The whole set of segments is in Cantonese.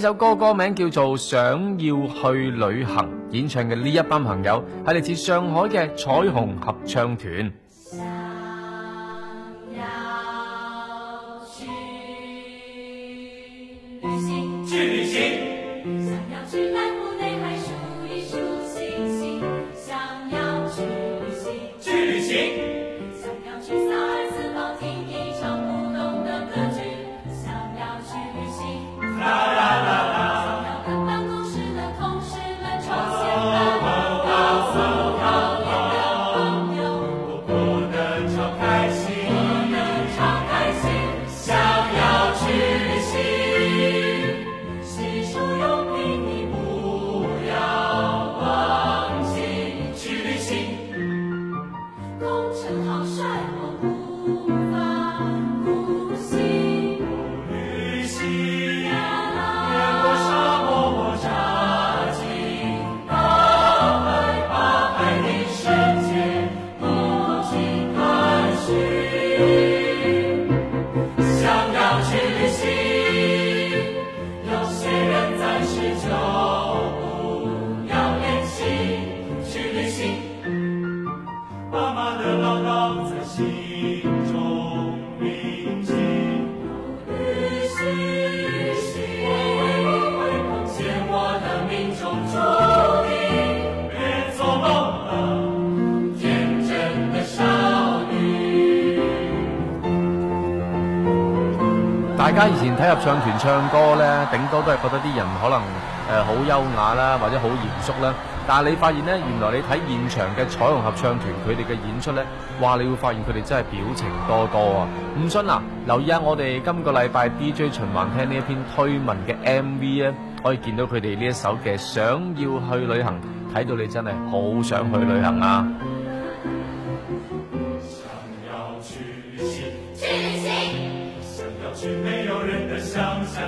呢首歌歌名叫做《想要去旅行》，演唱嘅呢一班朋友係嚟自上海嘅彩虹合唱團。而家以前睇合唱團唱歌呢，頂多都係覺得啲人可能誒好優雅啦，或者好嚴肅啦。但係你發現呢，原來你睇現場嘅彩虹合唱團佢哋嘅演出呢，哇！你會發現佢哋真係表情多多啊！唔信啊，留意下我哋今個禮拜 D J 循環聽呢一篇推文嘅 M V 啊，可以見到佢哋呢一首嘅想要去旅行，睇到你真係好想去旅行啊！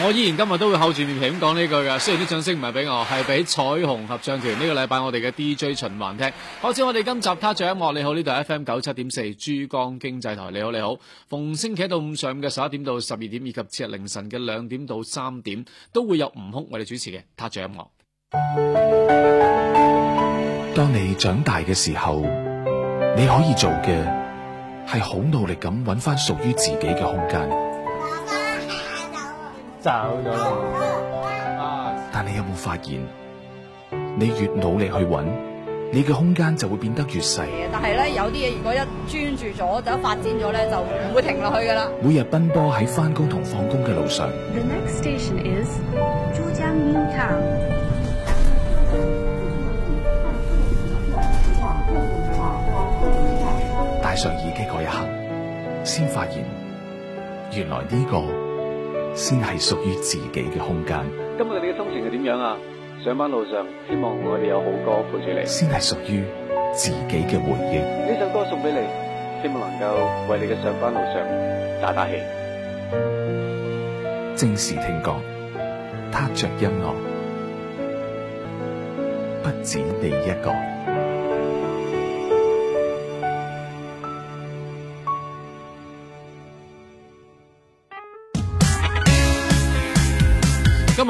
我依然今日都會厚住面皮咁講呢句㗎。雖然啲掌聲唔係俾我，係俾彩虹合唱團。呢個禮拜我哋嘅 DJ 循環聽。好，似我哋今集他音樂，你好，呢度 FM 九七點四珠江經濟台，你好，你好。逢星期一到五上午嘅十一點到十二點，以及次日凌晨嘅兩點到三點，都會有吳空我哋主持嘅他音樂。當你長大嘅時候，你可以做嘅係好努力咁搵翻屬於自己嘅空間。走咗、啊啊啊。但你有冇發現，你越努力去揾，你嘅空間就會變得越細。但係呢，有啲嘢如果一專注咗，就發展咗咧，就唔會停落去噶啦。每日奔波喺翻工同放工嘅路上。The next station is 珠江新城。戴上耳機嗰一刻，先發現原來呢個。先係屬於自己嘅空間。今日你嘅心情係點樣啊？上班路上，希望我哋有好歌陪住你。先係屬於自己嘅回憶。呢首歌送俾你，希望能夠為你嘅上班路上打打氣。正時聽歌，踏着音樂，不止你一個。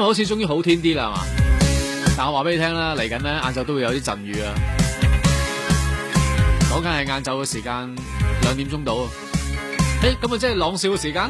好似終於好天啲啦，係嘛？但我話俾你聽啦，嚟緊咧晏晝都會有啲陣雨啊。講緊係晏晝嘅時間兩點鐘到。誒、欸，咁啊，即係朗少嘅時間。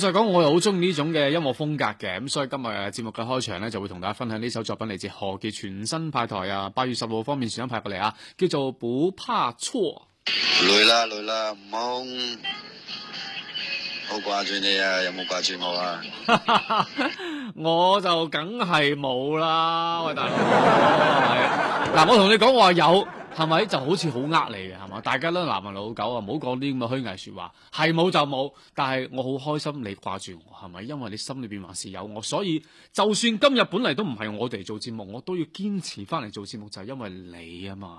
老實講，我又好中意呢種嘅音樂風格嘅，咁所以今日節目嘅開場呢，就會同大家分享呢首作品，嚟自何潔全新派台啊，八月十號方面選派過嚟啊，叫做《不怕錯》。累啦，累啦，唔好。好掛住你啊！有冇掛住我啊？ 我就梗係冇啦，喂，大哥，係啊，嗱 我同你講，我話有，係咪就好似好呃你嘅係嘛？大家都男人老狗啊，唔好講啲咁嘅虛偽說話。係冇就冇，但係我好開心你掛住我，係咪？因為你心裏邊還是有我，所以就算今日本嚟都唔係我哋做節目，我都要堅持翻嚟做節目，就係、是、因為你啊嘛。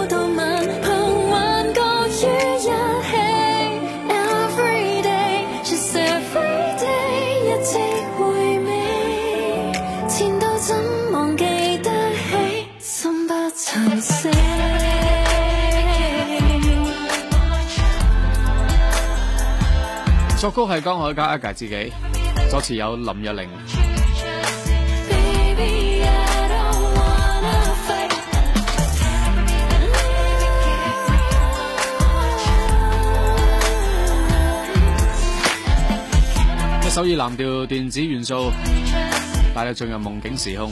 作曲係江海迦 AGA 自己，作詞有林若寧。一首以藍調電子元素帶你進入夢境時空。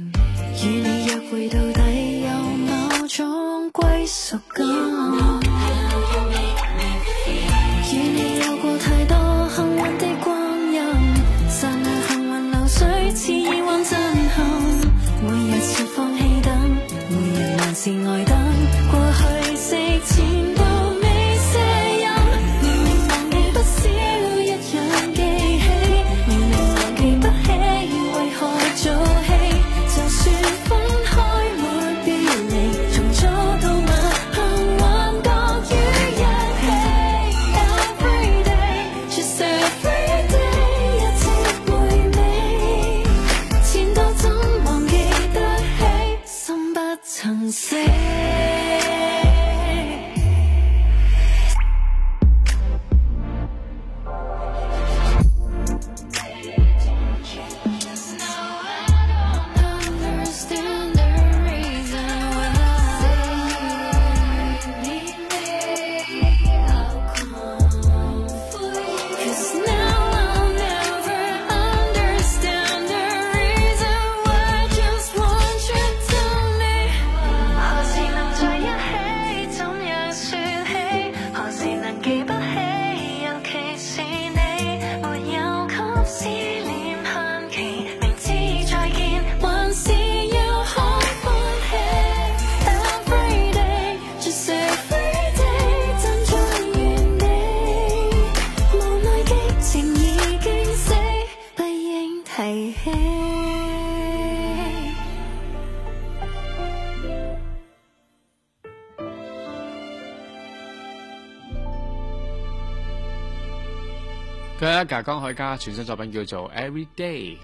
江海嘉全新作品叫做 Every Day。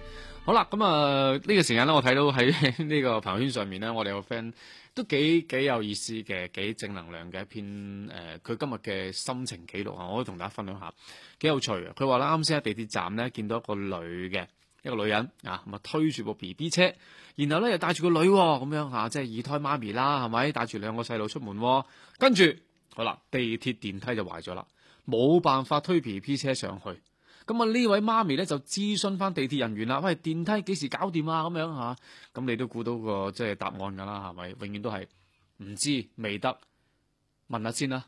好啦，咁啊呢個時間咧，我睇到喺呢個朋友圈上面咧，我哋個 friend 都幾幾有意思嘅，幾正能量嘅一篇誒，佢、呃、今日嘅心情記錄啊，我可以同大家分享下，幾有趣啊！佢話啦，啱先喺地鐵站咧見到一個女嘅，一個女人啊，咁啊推住部 B B 車，然後咧又帶住個女咁樣啊，即係二胎媽咪啦，係咪？帶住兩個細路出門，啊，跟住好啦，地鐵電梯就壞咗啦，冇辦法推 B B 車上去。咁啊呢位媽咪咧就諮詢翻地鐵人員啦。喂，電梯幾時搞掂啊？咁樣吓，咁你都估到個即係答案噶啦，係咪？永遠都係唔知未得，問下先啦，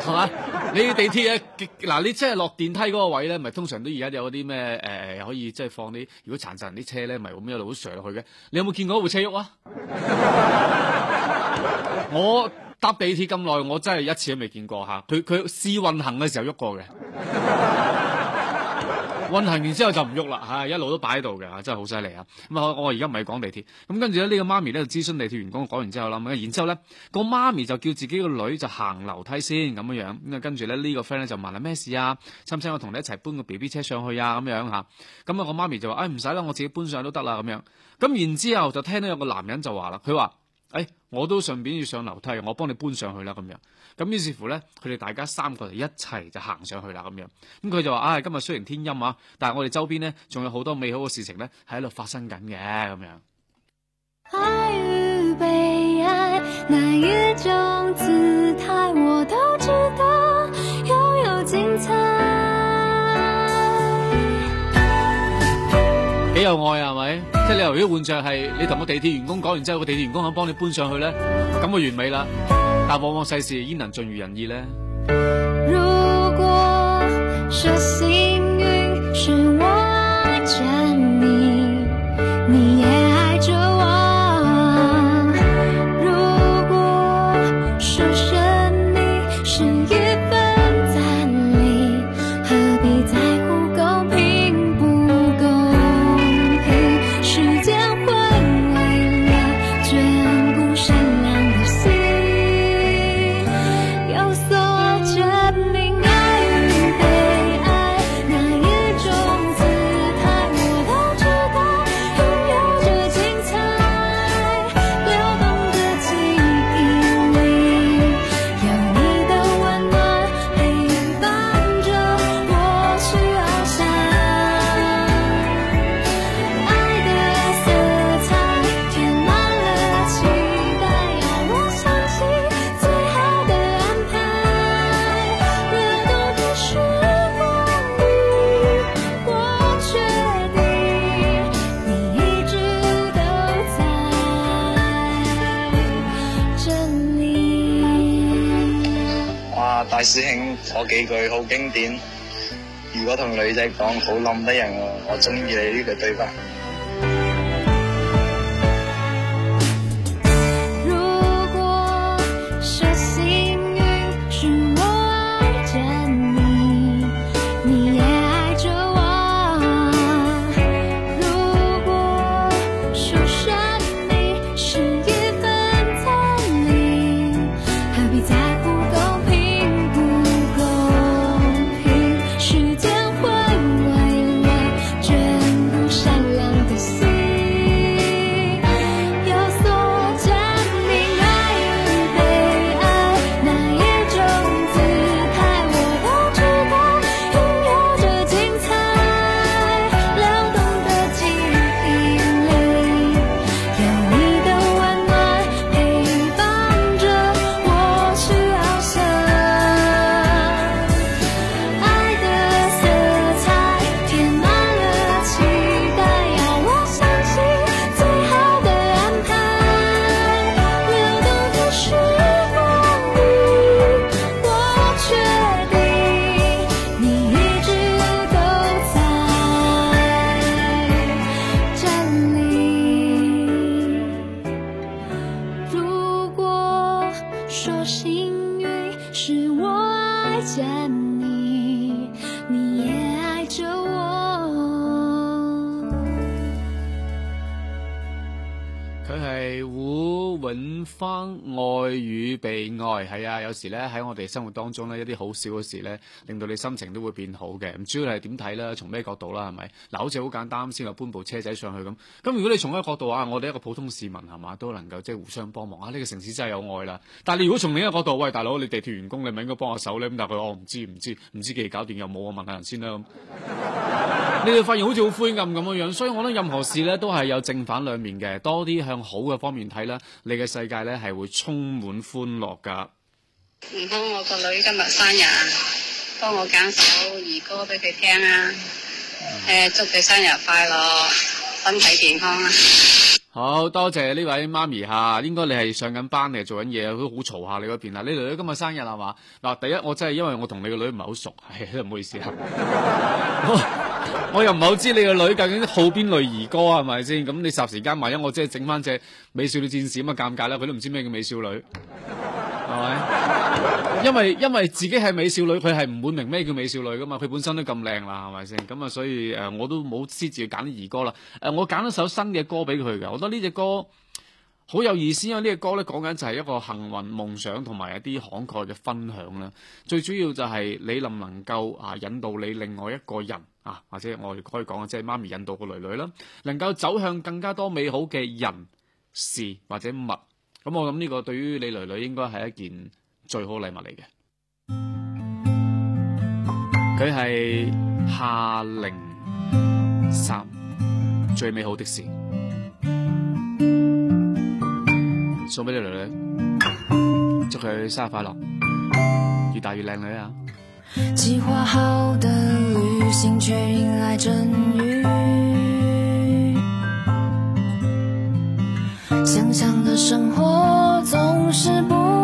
係 咪？你地鐵啊？嗱你即係落電梯嗰個位咧，咪通常都而家有啲咩誒可以即係放啲如果殘疾人啲車咧，咪會一路都上落去嘅。你有冇見過一部車喐啊？ 我。搭地鐵咁耐，我真係一次都未見過吓。佢佢試運行嘅時候喐過嘅， 運行完之後就唔喐啦，吓一路都擺喺度嘅吓，真係好犀利啊！咁我我而家唔係講地鐵，咁跟住咧呢個媽咪咧就諮詢地鐵員工，講完之後諗，然之後咧個媽咪就叫自己個女就行樓梯先咁樣樣。咁啊跟住咧呢個 friend 咧就問啦，咩事啊？使唔使我同你一齊搬個 B B 車上去啊？咁樣吓，咁啊我媽咪就話唉，唔使啦，我自己搬上去都得啦咁樣。咁然之後就聽到有個男人就話啦，佢話。哎，我都順便要上樓梯，我幫你搬上去啦咁樣。咁於是乎呢，佢哋大家三個人一齊就行上去啦咁樣。咁佢就話，唉、哎，今日雖然天陰啊，但係我哋周邊呢，仲有好多美好嘅事情呢喺度發生緊嘅咁樣。愛與被愛那一種姿態，我都值得擁有精彩。幾有愛啊，係咪？即係你由於換着係，你同個地鐵員工講完之後，個地鐵員工肯幫你搬上去咧，咁就完美啦。但往往世事焉能盡如人意咧。如果幾句好經典，如果同女仔講好冧得人，我中意你呢句對白。係啊，有時咧喺我哋生活當中呢，一啲好小嘅事咧，令到你心情都會變好嘅。唔知你係點睇啦，從咩角度啦，係咪？嗱、啊，好似好簡單，先話搬部車仔上去咁。咁如果你從一個角度啊，我哋一個普通市民係嘛，都能夠即係互相幫忙啊，呢、這個城市真係有愛啦。但係你如果從另一個角度，喂，大佬，你地鐵員工，你咪應該幫下手咧。咁但係佢我唔知，唔知，唔知幾時搞掂又冇，我問下人先啦。咁 你哋發現好似好灰暗咁嘅樣，所以我覺得，任何事咧都係有正反兩面嘅。多啲向好嘅方面睇啦，你嘅世界咧係會充滿歡樂噶。唔好，我個女今日生日，啊，幫我揀首兒歌俾佢聽啊！誒，祝佢生日快樂，身體健康啊！好多謝呢位媽咪吓，應該你係上緊班嚟，做緊嘢，佢好嘈下你嗰邊啊！你，你，你女今日生日係嘛？嗱，第一我真係因為我同你個女唔係好熟，係唔好意思啊！ 我又唔係好知你個女究竟好邊類兒歌啊？係咪先？咁你霎時間萬一我即係整翻隻美少女戰士咁啊，尷尬啦！佢都唔知咩叫美少女，係 咪？因為因為自己係美少女，佢係唔會明咩叫美少女噶嘛，佢本身都咁靚啦，係咪先？咁啊，所以誒，我都冇私自去揀啲兒歌啦。誒，我揀咗首新嘅歌俾佢嘅，我覺得呢隻歌好有意思，因為呢隻歌咧講緊就係一個幸運、夢想同埋一啲慷慨嘅分享啦。最主要就係你能唔能夠啊引導你另外一個人啊，或者我哋可以講即係媽咪引導個女女啦，能夠走向更加多美好嘅人事或者物。咁我諗呢個對於你女女應該係一件。最好禮物嚟嘅，佢係夏零三最美好的事。送俾你女女，祝佢生日快樂，越大越靚女啊！計劃好的旅行，卻迎來陣雨。想象的生活總是不